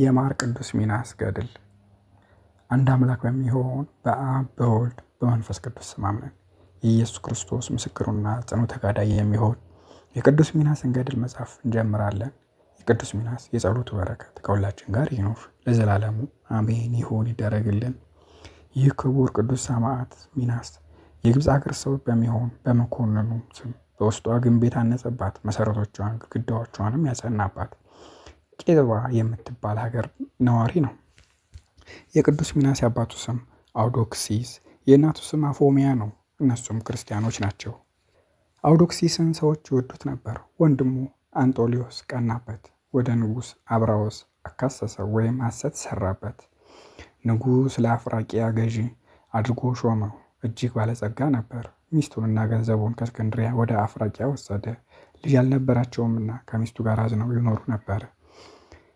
የማር ቅዱስ ሚናስ ገድል። አንድ አምላክ በሚሆን በአብ በወልድ በመንፈስ ቅዱስ ስም አምነን የኢየሱስ ክርስቶስ ምስክሩና ጽኑ ተጋዳይ የሚሆን የቅዱስ ሚናስን ገድል መጽሐፍ እንጀምራለን። የቅዱስ ሚናስ የጸሎቱ በረከት ከሁላችን ጋር ይኖር ለዘላለሙ አሜን። ይሁን ይደረግልን። ይህ ክቡር ቅዱስ ሰማዕት ሚናስ የግብፅ አገር ሰው በሚሆን በመኮንኑ ስም በውስጧ ግንብ የታነጸባት መሰረቶቿን ግድግዳዎቿንም ያጸናባት ቄጥባ የምትባል ሀገር ነዋሪ ነው። የቅዱስ ሚናስ አባቱ ስም አውዶክሲስ የእናቱ ስም አፎሚያ ነው። እነሱም ክርስቲያኖች ናቸው። አውዶክሲስን ሰዎች ይወዱት ነበር። ወንድሙ አንጦሊዮስ ቀናበት፣ ወደ ንጉሥ አብራዎስ አካሰሰው ወይም ሐሰት ሰራበት። ንጉሥ ለአፍራቂያ ገዢ አድርጎ ሾመው። እጅግ ባለጸጋ ነበር። ሚስቱንና ገንዘቡን ከእስክንድሪያ ወደ አፍራቂያ ወሰደ። ልጅ አልነበራቸውምና ከሚስቱ ጋር አዝነው ይኖሩ ነበር።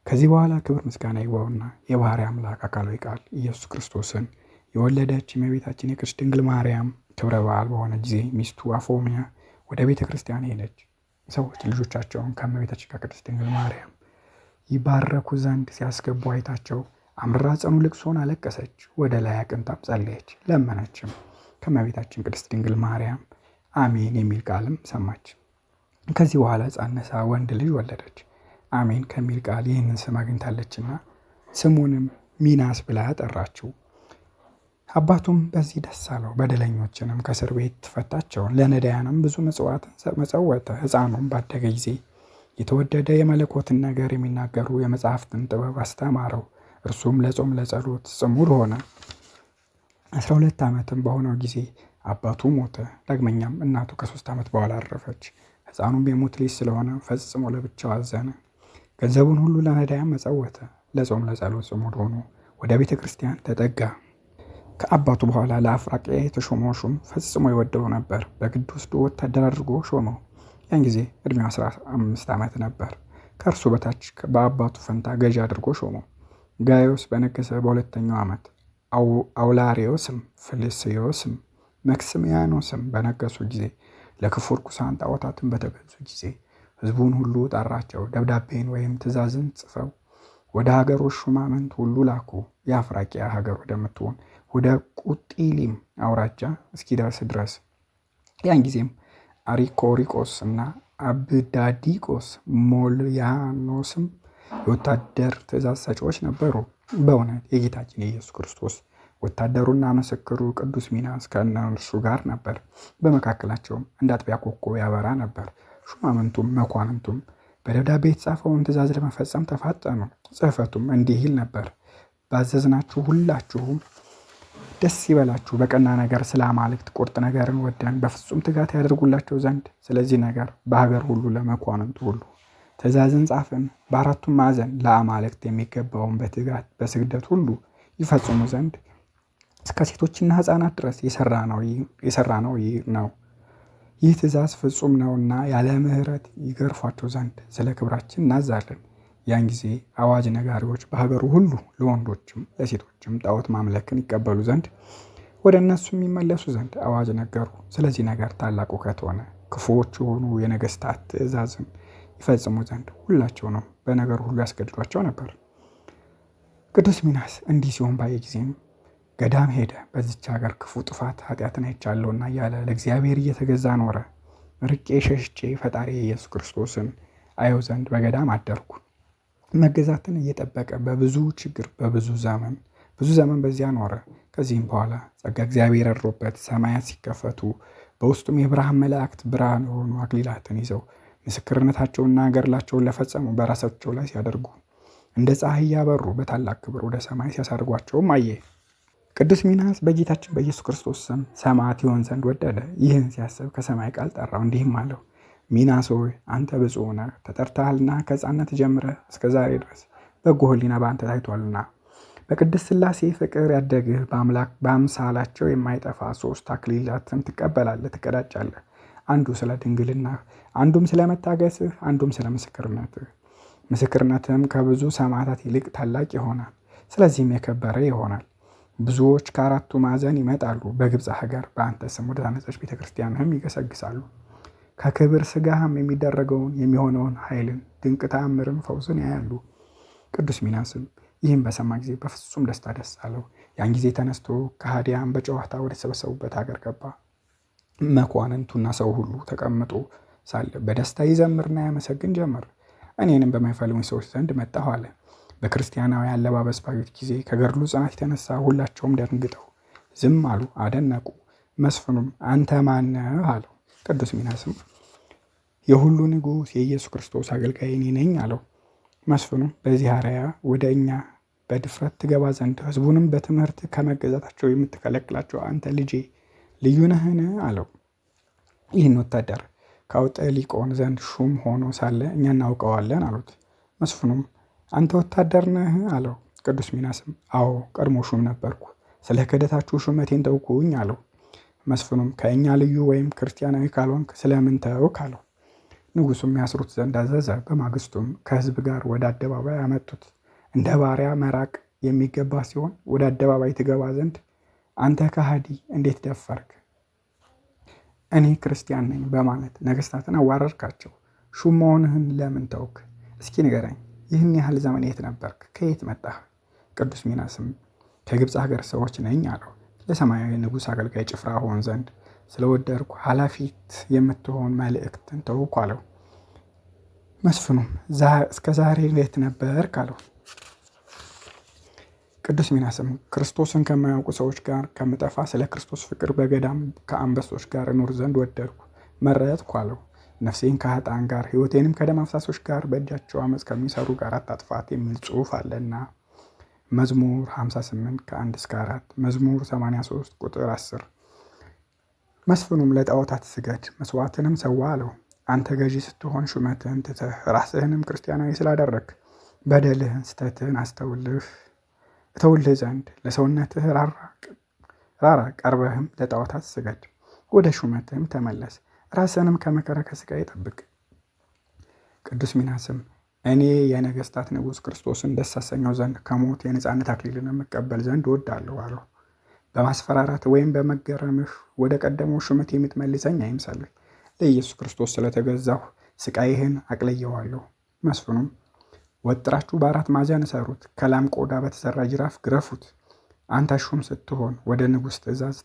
ከዚህ በኋላ ክብር ምስጋና ይግባውና የባህር አምላክ አካላዊ ቃል ኢየሱስ ክርስቶስን የወለደች የእመቤታችን የቅድስት ድንግል ማርያም ክብረ በዓል በሆነ ጊዜ ሚስቱ አፎሚያ ወደ ቤተ ክርስቲያን ሄደች። ሰዎች ልጆቻቸውን ከእመቤታችን ከቅድስት ድንግል ማርያም ይባረኩ ዘንድ ሲያስገቡ አይታቸው አምርራ ጽኑ ልቅሶን አለቀሰች። ወደ ላይ አቅንታም ጸለየች፣ ለመነችም። ከእመቤታችን ቅድስት ድንግል ማርያም አሜን የሚል ቃልም ሰማች። ከዚህ በኋላ ሕፃን ወንድ ልጅ ወለደች። አሜን ከሚል ቃል ይህንን ስም አግኝታለችና ስሙንም ሚናስ ብላ ጠራችው። አባቱም በዚህ ደስ አለው። በደለኞችንም ከእስር ቤት ፈታቸውን፣ ለነዳያንም ብዙ መጽዋትን መጸወተ። ሕፃኑም ባደገ ጊዜ የተወደደ የመለኮትን ነገር የሚናገሩ የመጽሐፍትን ጥበብ አስተማረው። እርሱም ለጾም ለጸሎት ጽሙድ ሆነ። አስራ ሁለት ዓመትም በሆነው ጊዜ አባቱ ሞተ። ዳግመኛም እናቱ ከሶስት ዓመት በኋላ አረፈች። ሕፃኑም የሞት ልጅ ስለሆነ ፈጽሞ ለብቻው አዘነ። ገንዘቡን ሁሉ ለነዳያን መጸወተ። ለጾም ለጸሎት ጽሙድ ሆኖ ወደ ቤተ ክርስቲያን ተጠጋ። ከአባቱ በኋላ ለአፍራቅያ የተሾመው ሹም ፈጽሞ ይወደው ነበር። በግድ ወስዶ ወታደር አድርጎ ሾመው። ያን ጊዜ እድሜው አስራ አምስት ዓመት ነበር። ከእርሱ በታች በአባቱ ፈንታ ገዢ አድርጎ ሾመው። ጋዮስ በነገሰ በሁለተኛው ዓመት አውላሪዮስም ፊልስዮስም መክስሚያኖስም በነገሱ ጊዜ ለክፉር ርኩሳን ጣዖታትን በተገዙ ጊዜ ሕዝቡን ሁሉ ጠራቸው። ደብዳቤን ወይም ትእዛዝን ጽፈው ወደ ሀገሮች ሹማምንት ሁሉ ላኩ። የአፍራቂያ ሀገር ወደምትሆን ወደ ቁጢሊም አውራጃ እስኪደርስ ድረስ። ያን ጊዜም አሪኮሪቆስ እና አብዳዲቆስ ሞልያኖስም የወታደር ትእዛዝ ሰጪዎች ነበሩ። በእውነት የጌታችን የኢየሱስ ክርስቶስ ወታደሩና ምስክሩ ቅዱስ ሚናስ ከእነርሱ ጋር ነበር። በመካከላቸውም እንደ አጥቢያ ኮከብ ያበራ ነበር። ሹማምንቱም መኳንንቱም በደብዳቤ የተጻፈውን ትእዛዝ ለመፈጸም ተፋጠኑ። ጽህፈቱም እንዲህ ይል ነበር። ባዘዝናችሁ ሁላችሁም ደስ ይበላችሁ። በቀና ነገር ስለ አማልክት ቁርጥ ነገርን ወደን በፍጹም ትጋት ያደርጉላቸው ዘንድ ስለዚህ ነገር በሀገር ሁሉ ለመኳንንቱ ሁሉ ትእዛዝን ጻፍን። በአራቱም ማዕዘን ለአማልክት የሚገባውን በትጋት በስግደት ሁሉ ይፈጽሙ ዘንድ እስከ ሴቶችና ሕፃናት ድረስ የሰራ ነው ይህ ነው። ይህ ትእዛዝ ፍጹም ነውና ያለ ምሕረት ይገርፏቸው ዘንድ ስለ ክብራችን እናዛለን። ያን ጊዜ አዋጅ ነጋሪዎች በሀገሩ ሁሉ ለወንዶችም ለሴቶችም ጣዖት ማምለክን ይቀበሉ ዘንድ ወደ እነሱ የሚመለሱ ዘንድ አዋጅ ነገሩ። ስለዚህ ነገር ታላቅ እውከት ሆነ። ክፉዎች የሆኑ የነገስታት ትእዛዝን ይፈጽሙ ዘንድ ነው በነገር ሁሉ ያስገድዷቸው ነበር። ቅዱስ ሚናስ እንዲህ ሲሆን ባየ ጊዜም ገዳም ሄደ። በዚች ሀገር ክፉ ጥፋት ኃጢአትን አይቻለሁና እያለ ለእግዚአብሔር እየተገዛ ኖረ። ርቄ ሸሽቼ ፈጣሪ ኢየሱስ ክርስቶስን አየው ዘንድ በገዳም አደርኩ። መገዛትን እየጠበቀ በብዙ ችግር በብዙ ዘመን ብዙ ዘመን በዚያ ኖረ። ከዚህም በኋላ ጸጋ እግዚአብሔር አድሮበት ሰማያት ሲከፈቱ በውስጡም የብርሃን መላእክት ብርሃን የሆኑ አክሊላትን ይዘው ምስክርነታቸውንና ገድላቸውን ለፈጸሙ በራሳቸው ላይ ሲያደርጉ እንደ ፀሐይ ያበሩ በታላቅ ክብር ወደ ሰማይ ሲያሳርጓቸውም አየ። ቅዱስ ሚናስ በጌታችን በኢየሱስ ክርስቶስ ስም ሰማዕት ይሆን ዘንድ ወደደ። ይህን ሲያስብ ከሰማይ ቃል ጠራው፣ እንዲህም አለው፦ ሚናስ ሆይ አንተ ብፁዕ ነህ፣ ተጠርተሃልና ከሕፃነት ጀምረህ እስከ ዛሬ ድረስ በጎ ሕሊና በአንተ ታይቷልና በቅድስት ሥላሴ ፍቅር ያደግህ በአምሳላቸው የማይጠፋ ሶስት አክሊላትን ትቀበላለህ፣ ትቀዳጫለህ። አንዱ ስለ ድንግልናህ፣ አንዱም ስለ መታገስህ፣ አንዱም ስለ ምስክርነትህ። ምስክርነትህም ከብዙ ሰማዕታት ይልቅ ታላቅ ይሆናል። ስለዚህም የከበረ ይሆናል። ብዙዎች ከአራቱ ማዕዘን ይመጣሉ፣ በግብፅ ሀገር በአንተ ስም ወደ ታነጸች ቤተ ክርስቲያንህም ይገሰግሳሉ። ከክብር ስጋህም የሚደረገውን የሚሆነውን ኃይልን ድንቅ ተአምርን ፈውስን ያያሉ። ቅዱስ ሚናስም ይህም በሰማ ጊዜ በፍጹም ደስታ ደስ አለው። ያን ጊዜ ተነስቶ ከሃዲያን በጨዋታ ወደ ተሰበሰቡበት ሀገር ገባ። መኳንንቱና ሰው ሁሉ ተቀምጦ ሳለ በደስታ ይዘምርና ያመሰግን ጀመር። እኔንም በማይፈልጉኝ ሰዎች ዘንድ መጣሁ አለ። በክርስቲያናዊ አለባበስ ባዩት ጊዜ ከገድሉ ጽናት የተነሳ ሁላቸውም ደንግጠው ዝም አሉ፣ አደነቁ። መስፍኑም አንተ ማነህ አለው። ቅዱስ ሚናስም የሁሉ ንጉሥ የኢየሱስ ክርስቶስ አገልጋይ እኔ ነኝ አለው። መስፍኑም በዚህ አርአያ ወደ እኛ በድፍረት ትገባ ዘንድ ህዝቡንም በትምህርት ከመገዛታቸው የምትከለክላቸው አንተ ልጄ ልዩ ነህን? አለው። ይህን ወታደር ሊቆን ዘንድ ሹም ሆኖ ሳለ እኛ እናውቀዋለን አሉት። መስፍኑም አንተ ወታደር ነህ አለው። ቅዱስ ሚናስም አዎ ቀድሞ ሹም ነበርኩ፣ ስለ ክህደታችሁ ሹመቴን ተውኩኝ አለው። መስፍኑም ከእኛ ልዩ ወይም ክርስቲያናዊ ካልሆንክ ስለምን ተውክ አለው። ንጉሱም ያስሩት ዘንድ አዘዘ። በማግስቱም ከህዝብ ጋር ወደ አደባባይ አመጡት። እንደ ባሪያ መራቅ የሚገባ ሲሆን ወደ አደባባይ ትገባ ዘንድ አንተ ከሃዲ እንዴት ደፈርክ? እኔ ክርስቲያን ነኝ በማለት ነገስታትን አዋረድካቸው። ሹም መሆንህን ለምን ተውክ? እስኪ ንገረኝ። ይህን ያህል ዘመን የት ነበርክ? ከየት መጣህ? ቅዱስ ሚናስም ከግብፅ ሀገር ሰዎች ነኝ አለው። ለሰማያዊ ንጉሥ አገልጋይ ጭፍራ ሆን ዘንድ ስለወደድኩ ኃላፊት የምትሆን መልእክትን ተውኩ አለው። መስፍኑም እስከ ዛሬ የት ነበርክ? አለው። ቅዱስ ሚናስም ክርስቶስን ከማያውቁ ሰዎች ጋር ከምጠፋ ስለ ክርስቶስ ፍቅር በገዳም ከአንበሶች ጋር እኖር ዘንድ ወደድኩ መረጥኩ አለው። ነፍሴን ከሀጣን ጋር ህይወቴንም ከደም አፍሳሾች ጋር በእጃቸው አመፅ ከሚሰሩ ጋር አታጥፋት የሚል ጽሁፍ አለና መዝሙር 58 ከ1 እስከ 4 መዝሙር 83 ቁጥር 10 መስፍኑም ለጣዖታት ስገድ መስዋዕትንም ሰዋ አለው። አንተ ገዢ ስትሆን ሹመትህን ትተህ ራስህንም ክርስቲያናዊ ስላደረግ በደልህን ስተትህን አስተውልህ እተውልህ ዘንድ ለሰውነትህ ራራ ቀርበህም ለጣዖታት ስገድ ወደ ሹመትህም ተመለስ ራስንም ከመከራ ከሥቃይ ይጠብቅ። ቅዱስ ሚናስም እኔ የነገስታት ንጉሥ ክርስቶስን ደስ አሰኘው ዘንድ ከሞት የነፃነት አክሊልን የምቀበል ዘንድ እወዳለሁ አለው። በማስፈራራት ወይም በመገረምህ ወደ ቀደመው ሹመት የምትመልሰኝ አይምሰልህ። ለኢየሱስ ክርስቶስ ስለተገዛሁ ስቃይህን አቅለየዋለሁ። መስፍኑም ወጥራችሁ በአራት ማዕዘን እሰሩት፣ ከላም ቆዳ በተሰራ ጅራፍ ግረፉት። አንተ ሹም ስትሆን ወደ ንጉሥ ትእዛዝ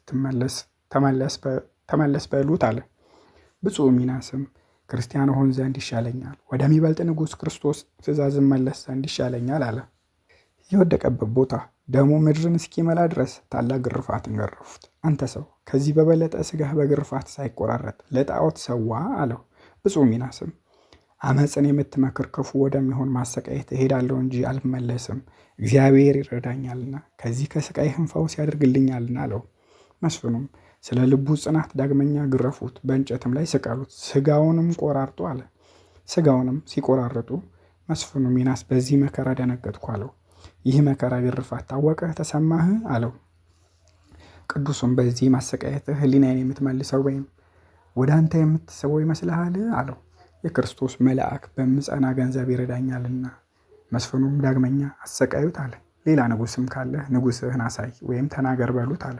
ተመለስ በሉት አለ። ብፁዕ ሚናስም ክርስቲያን ሆን ዘንድ ይሻለኛል፣ ወደሚበልጥ ንጉሥ ክርስቶስ ትእዛዝን መለስ ዘንድ ይሻለኛል አለ። የወደቀበት ቦታ ደሙ ምድርን እስኪመላ ድረስ ታላቅ ግርፋትን ገረፉት። አንተ ሰው ከዚህ በበለጠ ስጋህ በግርፋት ሳይቆራረጥ ለጣዖት ሰዋ አለው። ብፁዕ ሚናስም አመፅን የምትመክር ክፉ ወደሚሆን ማሰቃየት እሄዳለሁ እንጂ አልመለስም፣ እግዚአብሔር ይረዳኛልና ከዚህ ከስቃይ ህንፋውስ ያደርግልኛልና አለው። መስፍኑም ስለ ልቡ ጽናት ዳግመኛ ግረፉት፣ በእንጨትም ላይ ስቀሉት፣ ስጋውንም ቆራርጡ አለ። ስጋውንም ሲቆራርጡ መስፍኑ ሚናስ በዚህ መከራ ደነገጥኩ አለው። ይህ መከራ ግርፋት ታወቀ ተሰማህ አለው። ቅዱሱም በዚህ ማሰቃየትህ ሕሊናዬን የምትመልሰው ወይም ወደ አንተ የምትስበው ይመስልሃል አለው። የክርስቶስ መልአክ በምጸና ገንዘብ ይረዳኛልና። መስፍኑም ዳግመኛ አሰቃዩት አለ። ሌላ ንጉስም ካለ ንጉስህን አሳይ ወይም ተናገር በሉት አለ።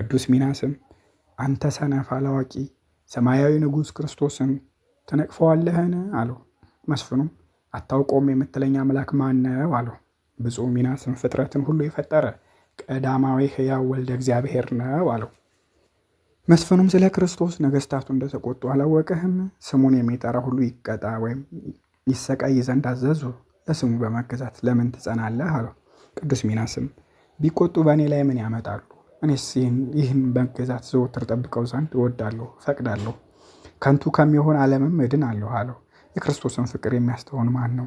ቅዱስ ሚናስም አንተ ሰነፍ አላዋቂ ሰማያዊ ንጉሥ ክርስቶስን ትነቅፈዋለህን አለው። መስፍኑም አታውቆም የምትለኝ አምላክ ማን አለው። ብፁዕ ሚናስም ፍጥረትን ሁሉ የፈጠረ ቀዳማዊ ሕያው ወልደ እግዚአብሔር ነው አለው። መስፍኑም ስለ ክርስቶስ ነገስታቱ እንደተቆጡ አላወቀህም? ስሙን የሚጠራ ሁሉ ይቀጣ ወይም ይሰቃይ ዘንድ አዘዙ። ለስሙ በመገዛት ለምን ትጸናለህ? አለው። ቅዱስ ሚናስም ቢቆጡ በእኔ ላይ ምን ያመጣሉ? እኔስ ይህን መገዛት ዘወትር ጠብቀው ዘንድ እወዳለሁ ፈቅዳለሁ። ከንቱ ከሚሆን ዓለምም አለሁ አለው። የክርስቶስን ፍቅር የሚያስተውን ማን ነው?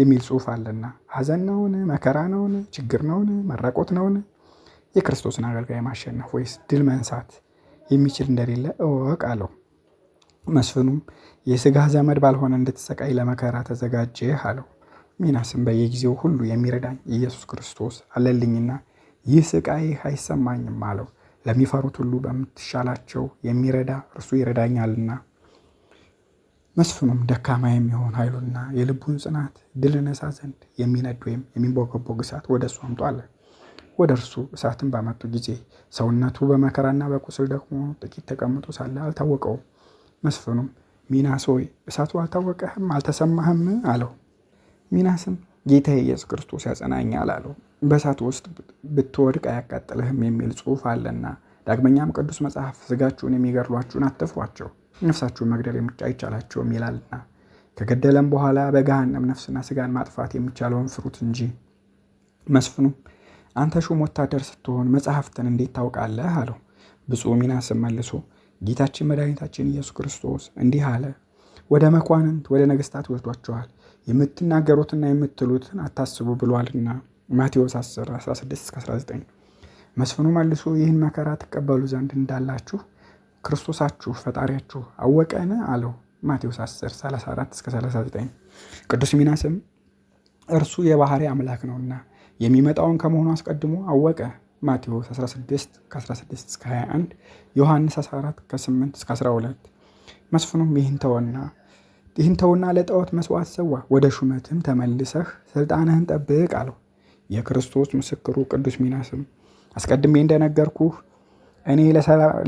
የሚል ጽሑፍ አለና ሀዘን ነውን? መከራ ነውን? ችግር ነውን? መራቆት ነውን? የክርስቶስን አገልጋይ ማሸነፍ ወይስ ድል መንሳት የሚችል እንደሌለ እወቅ አለው። መስፍኑም የስጋ ዘመድ ባልሆነ እንድትሰቃይ ለመከራ ተዘጋጀህ አለው። ሚናስም በየጊዜው ሁሉ የሚረዳኝ ኢየሱስ ክርስቶስ አለልኝና ይህ ሥቃይህ አይሰማኝም አለው። ለሚፈሩት ሁሉ በምትሻላቸው የሚረዳ እርሱ ይረዳኛልና። መስፍኑም ደካማ የሚሆን ኃይሉና የልቡን ጽናት ድል ነሳ ዘንድ የሚነድ ወይም የሚንቦገቦግ እሳት ወደ እሱ አምጡ አለ። ወደ እርሱ እሳትን ባመጡ ጊዜ ሰውነቱ በመከራና በቁስል ደግሞ ጥቂት ተቀምጦ ሳለ አልታወቀውም። መስፍኑም ሚናስ ሆይ እሳቱ አልታወቀህም አልተሰማህም? አለው። ሚናስም ጌታ ኢየሱስ ክርስቶስ ያጸናኛል አለው። በእሳት ውስጥ ብትወድቅ አያቃጥልህም የሚል ጽሑፍ አለና ዳግመኛም ቅዱስ መጽሐፍ ስጋችሁን የሚገድሏችሁን አትፍሯቸው፣ ነፍሳችሁን መግደል አይቻላቸውም ይላልና ከገደለም በኋላ በገሃነም ነፍስና ስጋን ማጥፋት የሚቻለውን ፍሩት እንጂ። መስፍኑ አንተ ሹም ወታደር ስትሆን መጽሐፍትን እንዴት ታውቃለህ? አለው። ብፁዕ ሚናስም መልሶ ጌታችን መድኃኒታችን ኢየሱስ ክርስቶስ እንዲህ አለ፣ ወደ መኳንንት ወደ ነገስታት ወስዷቸዋል፣ የምትናገሩትና የምትሉትን አታስቡ ብሏልና ማቴዎስ 10 16-19 መስፍኑ መልሶ ይህን መከራ ትቀበሉ ዘንድ እንዳላችሁ ክርስቶሳችሁ ፈጣሪያችሁ አወቀን አለው። ማቴዎስ 10 34-39 ቅዱስ ሚናስም እርሱ የባህሪ አምላክ ነውና የሚመጣውን ከመሆኑ አስቀድሞ አወቀ። ማቴዎስ 16 16-21 ዮሐንስ 14 8-12 መስፍኑም ይህን ተወና ይህን ተውና ለጣዖት መስዋዕት ሰዋ፣ ወደ ሹመትም ተመልሰህ ስልጣንህን ጠብቅ አለው። የክርስቶስ ምስክሩ ቅዱስ ሚናስም አስቀድሜ እንደነገርኩህ እኔ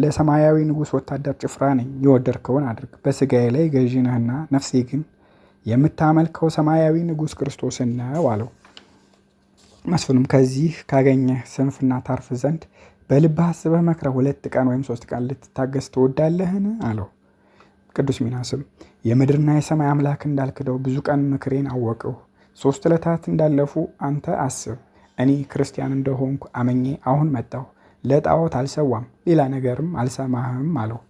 ለሰማያዊ ንጉሥ ወታደር ጭፍራ ነኝ፣ የወደድከውን አድርግ፣ በስጋዬ ላይ ገዢ ነህና፣ ነፍሴ ግን የምታመልከው ሰማያዊ ንጉሥ ክርስቶስን ነው አለው። መስፍኑም ከዚህ ካገኘህ ስንፍና ታርፍ ዘንድ በልብህ አስበህ መክረ ሁለት ቀን ወይም ሶስት ቀን ልትታገስ ትወዳለህን አለው። ቅዱስ ሚናስም የምድርና የሰማይ አምላክ እንዳልክደው ብዙ ቀን ምክሬን አወቅሁ ሶስት ዕለታት እንዳለፉ አንተ አስብ። እኔ ክርስቲያን እንደሆንኩ አመኜ አሁን መጣሁ። ለጣዖት አልሰዋም፣ ሌላ ነገርም አልሰማህም አለው።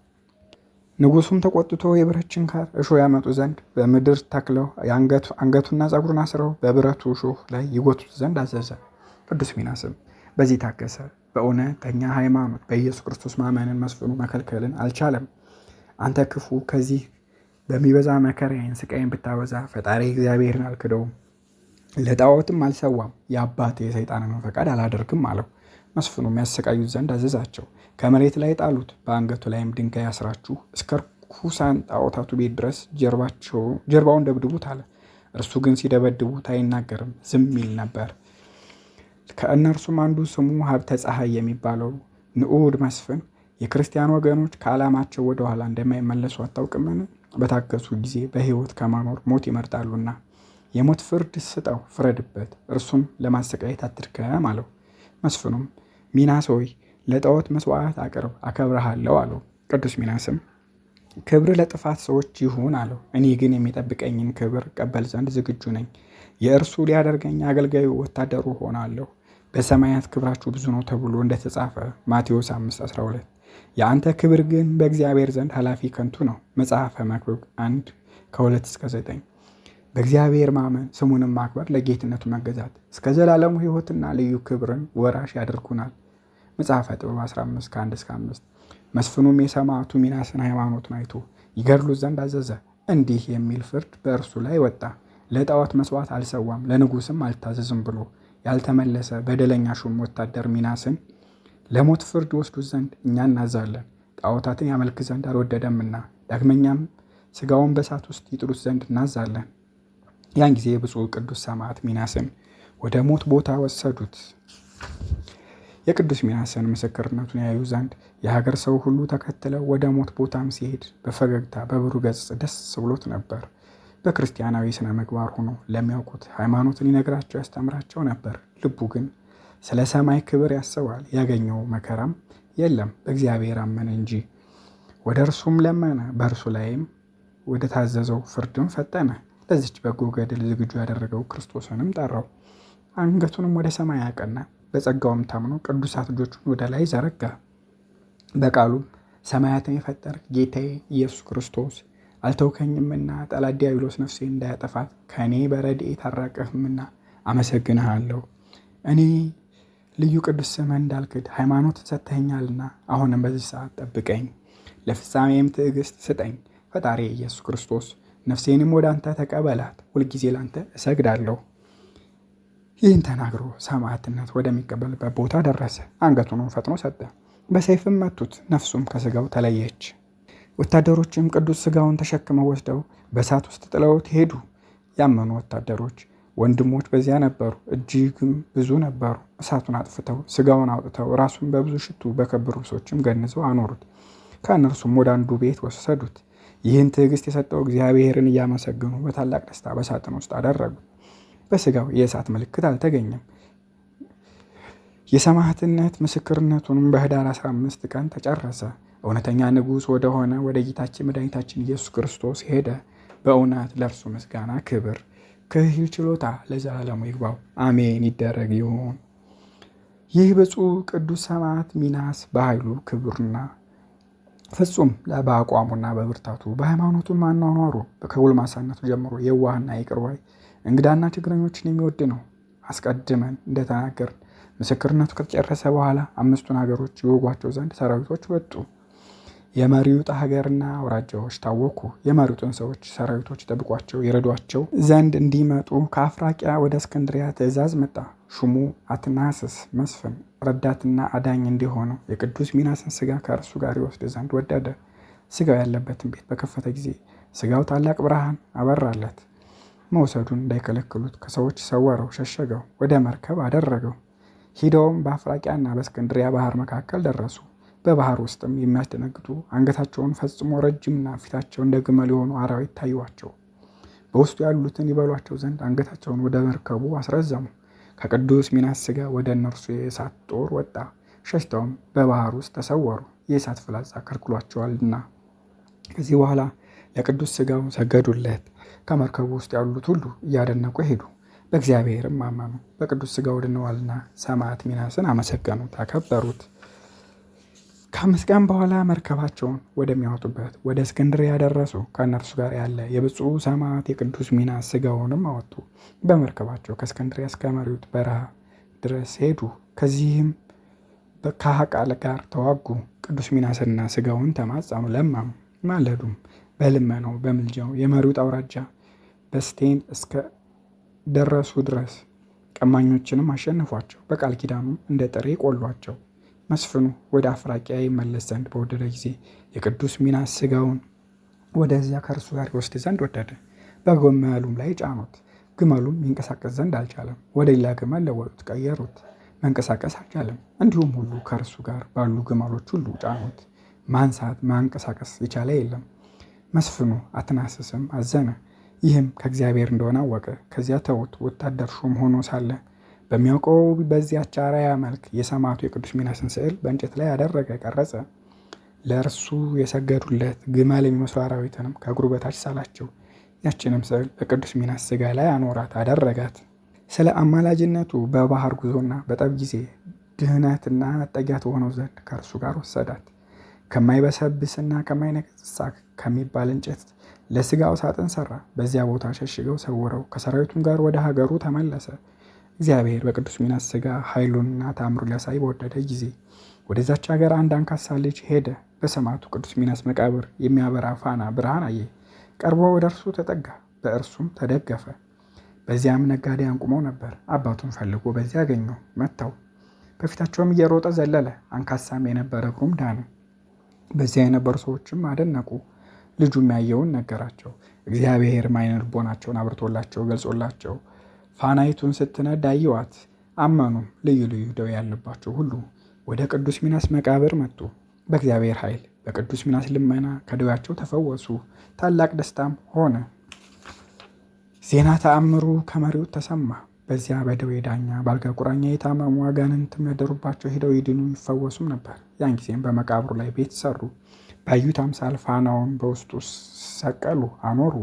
ንጉሱም ተቆጥቶ የብረት ችንካር እሾ ያመጡ ዘንድ በምድር ተክለው አንገቱና ጸጉሩን አስረው በብረቱ እሾህ ላይ ይጎቱት ዘንድ አዘዘ። ቅዱስ ሚናስም በዚህ ታገሰ። በእውነተኛ ሃይማኖት በኢየሱስ ክርስቶስ ማመንን መስፍኑ መከልከልን አልቻለም። አንተ ክፉ ከዚህ በሚበዛ መከራዬን ስቃይን ብታበዛ ፈጣሪ እግዚአብሔርን አልክደውም። ለጣዖትም አልሰዋም የአባቴ የሰይጣንን ፈቃድ አላደርግም አለው። መስፍኑ የሚያሰቃዩት ዘንድ አዘዛቸው። ከመሬት ላይ ጣሉት። በአንገቱ ላይም ድንጋይ አስራችሁ እስከ ርኩሳን ጣዖታቱ ቤት ድረስ ጀርባውን ደብድቡት አለ። እርሱ ግን ሲደበድቡት አይናገርም፣ ዝም ይል ነበር። ከእነርሱም አንዱ ስሙ ሀብተ ፀሐይ የሚባለው ንዑድ መስፍን የክርስቲያን ወገኖች ከዓላማቸው ወደኋላ እንደማይመለሱ አታውቅምን? በታገሱ ጊዜ በሕይወት ከመኖር ሞት ይመርጣሉና የሞት ፍርድ ስጠው፣ ፍረድበት፣ እርሱም ለማሰቃየት አትድከም አለው። መስፍኑም ሚናስ ሆይ ለጣዖት መስዋዕት አቅርብ፣ አከብረሃለሁ አለው። ቅዱስ ሚናስም ክብር ለጥፋት ሰዎች ይሁን አለው። እኔ ግን የሚጠብቀኝን ክብር ቀበል ዘንድ ዝግጁ ነኝ። የእርሱ ሊያደርገኝ አገልጋዩ ወታደሩ ሆናለሁ። በሰማያት ክብራችሁ ብዙ ነው ተብሎ እንደተጻፈ ማቴዎስ 5:12 የአንተ ክብር ግን በእግዚአብሔር ዘንድ ኃላፊ ከንቱ ነው። መጽሐፈ መክብብ 1 ከ2 እስከ 9 በእግዚአብሔር ማመን ስሙንም ማክበር ለጌትነቱ መገዛት እስከ ዘላለሙ ህይወትና ልዩ ክብርን ወራሽ ያደርጉናል። መጽሐፈ ጥበብ 15 ከ1 እስከ 5 መስፍኑም የሰማዕቱ ሚናስን ሃይማኖቱን አይቶ ይገድሉት ዘንድ አዘዘ። እንዲህ የሚል ፍርድ በእርሱ ላይ ወጣ። ለጣዖት መስዋዕት አልሰዋም፣ ለንጉስም አልታዘዝም ብሎ ያልተመለሰ በደለኛ ሹም ወታደር ሚናስን ለሞት ፍርድ ወስዱ ዘንድ እኛ እናዛለን፣ ጣዖታትን ያመልክ ዘንድ አልወደደምና። ዳግመኛም ስጋውን በእሳት ውስጥ ይጥሉት ዘንድ እናዛለን። ያን ጊዜ የብፁዕ ቅዱስ ሰማዕት ሚናስን ወደ ሞት ቦታ ወሰዱት። የቅዱስ ሚናስን ምስክርነቱን ያዩ ዘንድ የሀገር ሰው ሁሉ ተከትለው ወደ ሞት ቦታም ሲሄድ በፈገግታ በብሩህ ገጽ ደስ ብሎት ነበር። በክርስቲያናዊ ስነ ምግባር ሆኖ ለሚያውቁት ሃይማኖትን ይነግራቸው ያስተምራቸው ነበር። ልቡ ግን ስለ ሰማይ ክብር ያስባል። ያገኘው መከራም የለም፣ በእግዚአብሔር አመነ እንጂ። ወደ እርሱም ለመነ፣ በእርሱ ላይም ወደ ታዘዘው ፍርድም ፈጠነ። ለዚች በጎ ገድል ዝግጁ ያደረገው ክርስቶስንም ጠራው። አንገቱንም ወደ ሰማይ አቀና። በጸጋውም ታምኖ ቅዱሳት እጆቹን ወደ ላይ ዘረጋ። በቃሉም ሰማያትን የፈጠር ጌታዬ ኢየሱስ ክርስቶስ አልተውከኝምና ጠላት ዲያብሎስ ነፍሴ እንዳያጠፋት ከእኔ በረድኤት አራቀህምና አመሰግንሃለሁ። እኔ ልዩ ቅዱስ ስምህ እንዳልክድ ሃይማኖትን ሰጥተኸኛልና አሁንም በዚህ ሰዓት ጠብቀኝ፣ ለፍጻሜም ትዕግስት ስጠኝ። ፈጣሪ ኢየሱስ ክርስቶስ ነፍሴንም ወደ አንተ ተቀበላት፣ ሁልጊዜ ለአንተ እሰግዳለሁ። ይህን ተናግሮ ሰማዕትነት ወደሚቀበልበት ቦታ ደረሰ። አንገቱንም ፈጥኖ ሰጠ። በሰይፍም መቱት። ነፍሱም ከስጋው ተለየች። ወታደሮችም ቅዱስ ስጋውን ተሸክመው ወስደው በእሳት ውስጥ ጥለውት ሄዱ። ያመኑ ወታደሮች ወንድሞች በዚያ ነበሩ፣ እጅግም ብዙ ነበሩ። እሳቱን አጥፍተው ስጋውን አውጥተው ራሱን በብዙ ሽቱ በከበሩ ልብሶችም ገንዘው አኖሩት። ከእነርሱም ወደ አንዱ ቤት ወሰዱት። ይህን ትዕግስት የሰጠው እግዚአብሔርን እያመሰገኑ በታላቅ ደስታ በሳጥን ውስጥ አደረጉ። በስጋው የእሳት ምልክት አልተገኘም። የሰማዕትነት ምስክርነቱንም በህዳር 15 ቀን ተጨረሰ። እውነተኛ ንጉሥ ወደሆነ ወደ ጌታችን መድኃኒታችን ኢየሱስ ክርስቶስ ሄደ። በእውነት ለእርሱ ምስጋና ክብር፣ ክህል፣ ችሎታ ለዘላለሙ ይግባው፣ አሜን። ይደረግ ይሆን ይህ ብፁዕ ቅዱስ ሰማዕት ሚናስ በኃይሉ ክብርና ፍጹም በአቋሙና በብርታቱ በሃይማኖቱ አኗኗሩ ከጎልማሳነቱ ጀምሮ የዋህና ይቅር እንግዳና ችግረኞችን የሚወድ ነው። አስቀድመን እንደተናገርን ምስክርነቱ ከተጨረሰ በኋላ አምስቱን ሀገሮች ይወጓቸው ዘንድ ሰራዊቶች ወጡ። የመሪውጥ ሀገርና አውራጃዎች ታወኩ። የመሪውጥን ሰዎች ሰራዊቶች ጠብቋቸው ይረዷቸው ዘንድ እንዲመጡ ከአፍራቂያ ወደ እስክንድሪያ ትእዛዝ መጣ። ሹሙ አትናስስ መስፍን ረዳትና አዳኝ እንዲሆኑ የቅዱስ ሚናስን ስጋ ከእርሱ ጋር ይወስድ ዘንድ ወደደ። ስጋው ያለበትን ቤት በከፈተ ጊዜ ስጋው ታላቅ ብርሃን አበራለት። መውሰዱን እንዳይከለክሉት ከሰዎች ሰወረው፣ ሸሸገው፣ ወደ መርከብ አደረገው። ሂደውም በአፍራቂያና በእስክንድሪያ ባህር መካከል ደረሱ። በባህር ውስጥም የሚያስደነግጡ አንገታቸውን ፈጽሞ ረጅምና ፊታቸው እንደ ግመል የሆኑ አራዊት ታዩዋቸው። በውስጡ ያሉትን ይበሏቸው ዘንድ አንገታቸውን ወደ መርከቡ አስረዘሙ። ከቅዱስ ሚናስ ሥጋ ወደ እነርሱ የእሳት ጦር ወጣ። ሸሽተውም በባህር ውስጥ ተሰወሩ፣ የእሳት ፍላጻ ከልክሏቸዋልና። ከዚህ በኋላ ለቅዱስ ሥጋው ሰገዱለት። ከመርከቡ ውስጥ ያሉት ሁሉ እያደነቁ ሄዱ። በእግዚአብሔርም አመኑ። በቅዱስ ሥጋው ድነዋልና ሰማዕት ሚናስን አመሰገኑት፣ አከበሩት። ከአምስት ቀን በኋላ መርከባቸውን ወደሚያወጡበት ወደ እስክንድርያ ደረሱ። ከእነርሱ ጋር ያለ የብፁዕ ሰማዕት የቅዱስ ሚናስ ስጋውንም አወጡ። በመርከባቸው ከእስክንድርያ እስከ በረሃ ድረስ ሄዱ። ከዚህም ከሀቃል ጋር ተዋጉ። ቅዱስ ሚናስና ስጋውን ተማጸኑ፣ ለማም ማለዱም። በልመናው በምልጃው የመሪዩት አውራጃ በስቴን እስከ ደረሱ ድረስ ቀማኞችንም አሸንፏቸው በቃል ኪዳኑም እንደ ጥሬ ቆሏቸው። መስፍኑ ወደ አፍራቂያ ይመለስ ዘንድ በወደደ ጊዜ የቅዱስ ሚናስ ስጋውን ወደዚያ ከእርሱ ጋር ይወስድ ዘንድ ወደደ። በግመሉም ላይ ጫኑት። ግመሉም ይንቀሳቀስ ዘንድ አልቻለም። ወደ ሌላ ግመል ለወጡት፣ ቀየሩት፣ መንቀሳቀስ አልቻለም። እንዲሁም ሁሉ ከእርሱ ጋር ባሉ ግመሎች ሁሉ ጫኑት፣ ማንሳት ማንቀሳቀስ የቻለ የለም። መስፍኑ አትናስስም አዘነ። ይህም ከእግዚአብሔር እንደሆነ አወቀ። ከዚያ ተውት። ወታደር ሹም ሆኖ ሳለ በሚያውቀው በዚያች አርአያ መልክ የሰማዕቱ የቅዱስ ሚናስን ስዕል በእንጨት ላይ አደረገ፣ ቀረጸ። ለእርሱ የሰገዱለት ግመል የሚመስሉ አራዊትንም ከእግሩ በታች ሳላቸው። ያችንም ስዕል በቅዱስ ሚናስ ስጋ ላይ አኖራት፣ አደረጋት። ስለ አማላጅነቱ በባህር ጉዞና በጠብ ጊዜ ድህነትና መጠጊያ ትሆነው ዘንድ ከእርሱ ጋር ወሰዳት። ከማይበሰብስና ከማይነቅጽ ከሚባል እንጨት ለስጋው ሳጥን ሰራ። በዚያ ቦታ ሸሽገው ሰውረው ከሰራዊቱም ጋር ወደ ሀገሩ ተመለሰ። እግዚአብሔር በቅዱስ ሚናስ ሥጋ ኃይሉንና ተአምሩ ሊያሳይ በወደደ ጊዜ ወደዛች ሀገር አንድ አንካሳ ልጅ ሄደ። በሰማዕቱ ቅዱስ ሚናስ መቃብር የሚያበራ ፋና ብርሃን አየ። ቀርቦ ወደ እርሱ ተጠጋ፣ በእርሱም ተደገፈ። በዚያም ነጋዴ አንቁመው ነበር። አባቱን ፈልጎ በዚያ አገኘው፣ መታው። በፊታቸውም እየሮጠ ዘለለ። አንካሳም የነበረ እግሩም ዳነ። በዚያ የነበሩ ሰዎችም አደነቁ። ልጁም ያየውን ነገራቸው። እግዚአብሔር ዓይነ ልቦናቸውን አብርቶላቸው ገልጾላቸው ፋናይቱን ስትነድ አየዋት። አመኑም። ልዩ ልዩ ደዌ ያለባቸው ሁሉ ወደ ቅዱስ ሚናስ መቃብር መጡ። በእግዚአብሔር ኃይል በቅዱስ ሚናስ ልመና ከደዌያቸው ተፈወሱ። ታላቅ ደስታም ሆነ። ዜና ተአምሩ ከመሪው ተሰማ። በዚያ በደዌ ዳኛ በአልጋ ቁራኛ የታመሙ አጋንንትም ያደሩባቸው ሄደው ይድኑ ይፈወሱም ነበር። ያን ጊዜም በመቃብሩ ላይ ቤት ሰሩ። ባዩት አምሳል ፋናውን በውስጡ ሰቀሉ አኖሩ።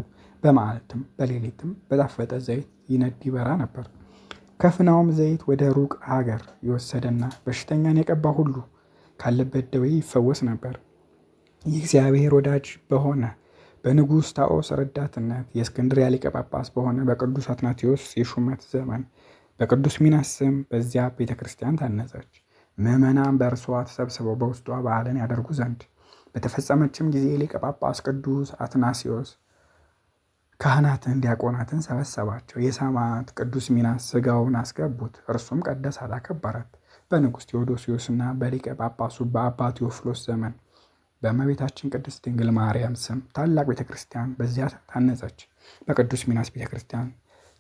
በመዓልትም በሌሊትም በጣፈጠ ዘይት ይነድ ይበራ ነበር። ከፍናውም ዘይት ወደ ሩቅ ሀገር የወሰደና በሽተኛን የቀባ ሁሉ ካለበት ደዌ ይፈወስ ነበር። የእግዚአብሔር ወዳጅ በሆነ በንጉሥ ታኦስ ረዳትነት የእስክንድርያ ሊቀ ጳጳስ በሆነ በቅዱስ አትናቴዎስ የሹመት ዘመን በቅዱስ ሚናስ ስም በዚያ ቤተ ክርስቲያን ታነጸች። ምዕመናን በእርሷ ተሰብስበው በውስጧ በዓልን ያደርጉ ዘንድ በተፈጸመችም ጊዜ ሊቀ ጳጳስ ቅዱስ አትናሲዎስ ካህናትን ዲያቆናትን ሰበሰባቸው። የሰማዕት ቅዱስ ሚናስ ስጋውን አስገቡት፣ እርሱም ቀደሳት፣ አከበራት። በንጉሥ ቴዎዶሲዎስና በሊቀ ጳጳሱ በአባ ቴዎፍሎስ ዘመን በእመቤታችን ቅድስት ድንግል ማርያም ስም ታላቅ ቤተ ክርስቲያን በዚያ ታነጸች። በቅዱስ ሚናስ ቤተ ክርስቲያን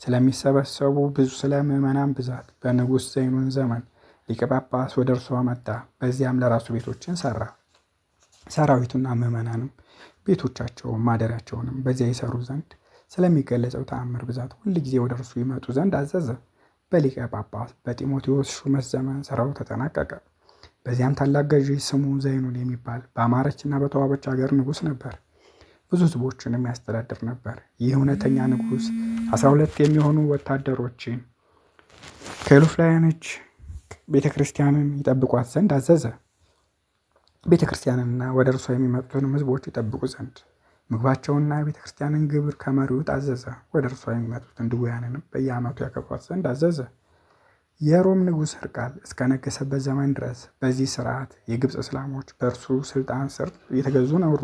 ስለሚሰበሰቡ ብዙ ስለ ምዕመናን ብዛት በንጉሥ ዘይኑን ዘመን ሊቀ ጳጳስ ወደ እርሷ መጣ። በዚያም ለራሱ ቤቶችን ሰራ። ሰራዊቱና ምዕመናንም ቤቶቻቸውን ማደሪያቸውንም በዚያ ይሰሩ ዘንድ ስለሚገለጸው ተአምር ብዛት ሁልጊዜ ወደ እርሱ ይመጡ ዘንድ አዘዘ። በሊቀ ጳጳስ በጢሞቴዎስ ሹመት ዘመን ሥራው ተጠናቀቀ። በዚያም ታላቅ ገዢ ስሙ ዘይኑን የሚባል በአማረችና በተዋበች ሀገር ንጉሥ ነበር። ብዙ ህዝቦችን ያስተዳድር ነበር። ይህ እውነተኛ ንጉሥ አስራ ሁለት የሚሆኑ ወታደሮችን ከሉፍላያኖች ቤተ ክርስቲያንን ይጠብቋት ዘንድ አዘዘ። ቤተ ክርስቲያንና ወደ እርሷ የሚመጡትንም ህዝቦች ይጠብቁ ዘንድ ምግባቸውንና ክርስቲያንን ግብር ከመሪው አዘዘ። ወደ እርሷ የሚመጡትን ድውያንንም በየዓመቱ ያከብሯት ዘንድ አዘዘ። የሮም ንጉሥ ሕርቃል እስከ ነገሰበት ዘመን ድረስ በዚህ ስርዓት የግብፅ እስላሞች በእርሱ ስልጣን ስር እየተገዙ ኖሩ።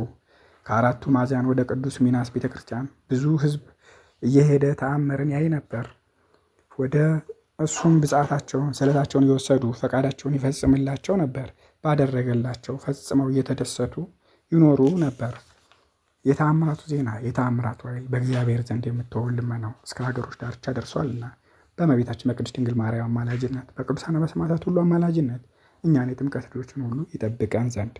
ከአራቱ ማዕዘን ወደ ቅዱስ ሚናስ ቤተ ክርስቲያን ብዙ ሕዝብ እየሄደ ተአምርን ያይ ነበር። ወደ እሱም ብጻታቸውን ስለታቸውን እየወሰዱ ፈቃዳቸውን ይፈጽምላቸው ነበር። ባደረገላቸው ፈጽመው እየተደሰቱ ይኖሩ ነበር። የተአምራቱ ዜና የተአምራት ወሬ በእግዚአብሔር ዘንድ የምትሆን ልመናው እስከ ሀገሮች ዳርቻ ደርሷልና በመቤታችን በቅድስት ድንግል ማርያም አማላጅነት በቅዱሳን በሰማዕታት ሁሉ አማላጅነት እኛን የጥምቀት ልጆችን ሁሉ ይጠብቀን ዘንድ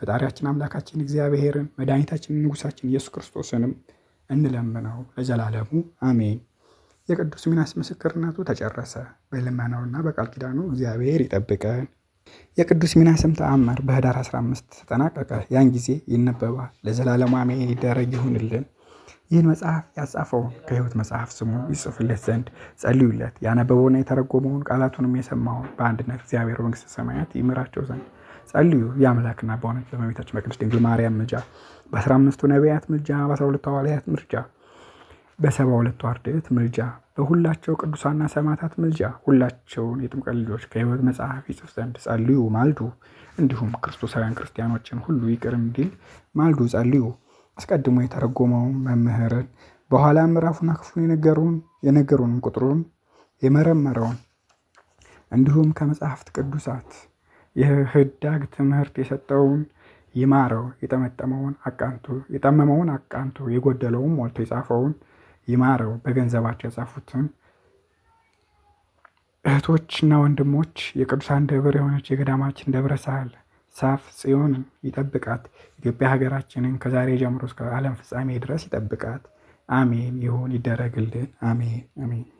ፈጣሪያችን አምላካችን እግዚአብሔርን መድኃኒታችን ንጉሳችን ኢየሱስ ክርስቶስንም እንለምነው ለዘላለሙ አሜን። የቅዱስ ሚናስ ምስክርነቱ ተጨረሰ። በልመናውና በቃል ኪዳኑ እግዚአብሔር ይጠብቀን። የቅዱስ ሚናስም ተአምር በህዳር 15 ተጠናቀቀ። ያን ጊዜ ይነበባል፣ ለዘላለም አሜን ይደረግ ይሁንልን። ይህን መጽሐፍ ያጻፈውን ከህይወት መጽሐፍ ስሙ ይጽፍለት ዘንድ ጸልዩለት። ያነበበውና የተረጎመውን ቃላቱንም የሰማውን በአንድነት እግዚአብሔር መንግሥተ ሰማያት ይምራቸው ዘንድ ጸልዩ። የአምላክና በሆነች በእመቤታችን በቅድስት ድንግል ማርያም ምልጃ፣ በ15ቱ ነቢያት ምልጃ፣ በ12ቱ ሐዋርያት ምልጃ በሰባ ሁለቱ አርድእት ምልጃ፣ በሁላቸው ቅዱሳና ሰማዕታት ምልጃ ሁላቸውን የጥምቀት ልጆች ከሕይወት መጽሐፍ ይጽፍ ዘንድ ጸልዩ ማልዱ። እንዲሁም ክርስቶሳውያን ክርስቲያኖችን ሁሉ ይቅር እንዲል ማልዱ ጸልዩ። አስቀድሞ የተረጎመውን መምህርን በኋላ ምዕራፉና ክፍሉን የነገሩን የነገሩንም ቁጥሩን የመረመረውን እንዲሁም ከመጽሐፍት ቅዱሳት የህዳግ ትምህርት የሰጠውን ይማረው። የጠመጠመውን አቃንቶ የጠመመውን አቃንቶ የጎደለውን ሞልቶ የጻፈውን ይማረው። በገንዘባቸው የጻፉትን እህቶችና ወንድሞች የቅዱሳን ደብር የሆነች የገዳማችን ደብረ ሳህል ሳፍ ጽዮንን ይጠብቃት። ኢትዮጵያ ሀገራችንን ከዛሬ ጀምሮ እስከ ዓለም ፍጻሜ ድረስ ይጠብቃት። አሜን። ይሁን ይደረግልን። አሜን አሜን።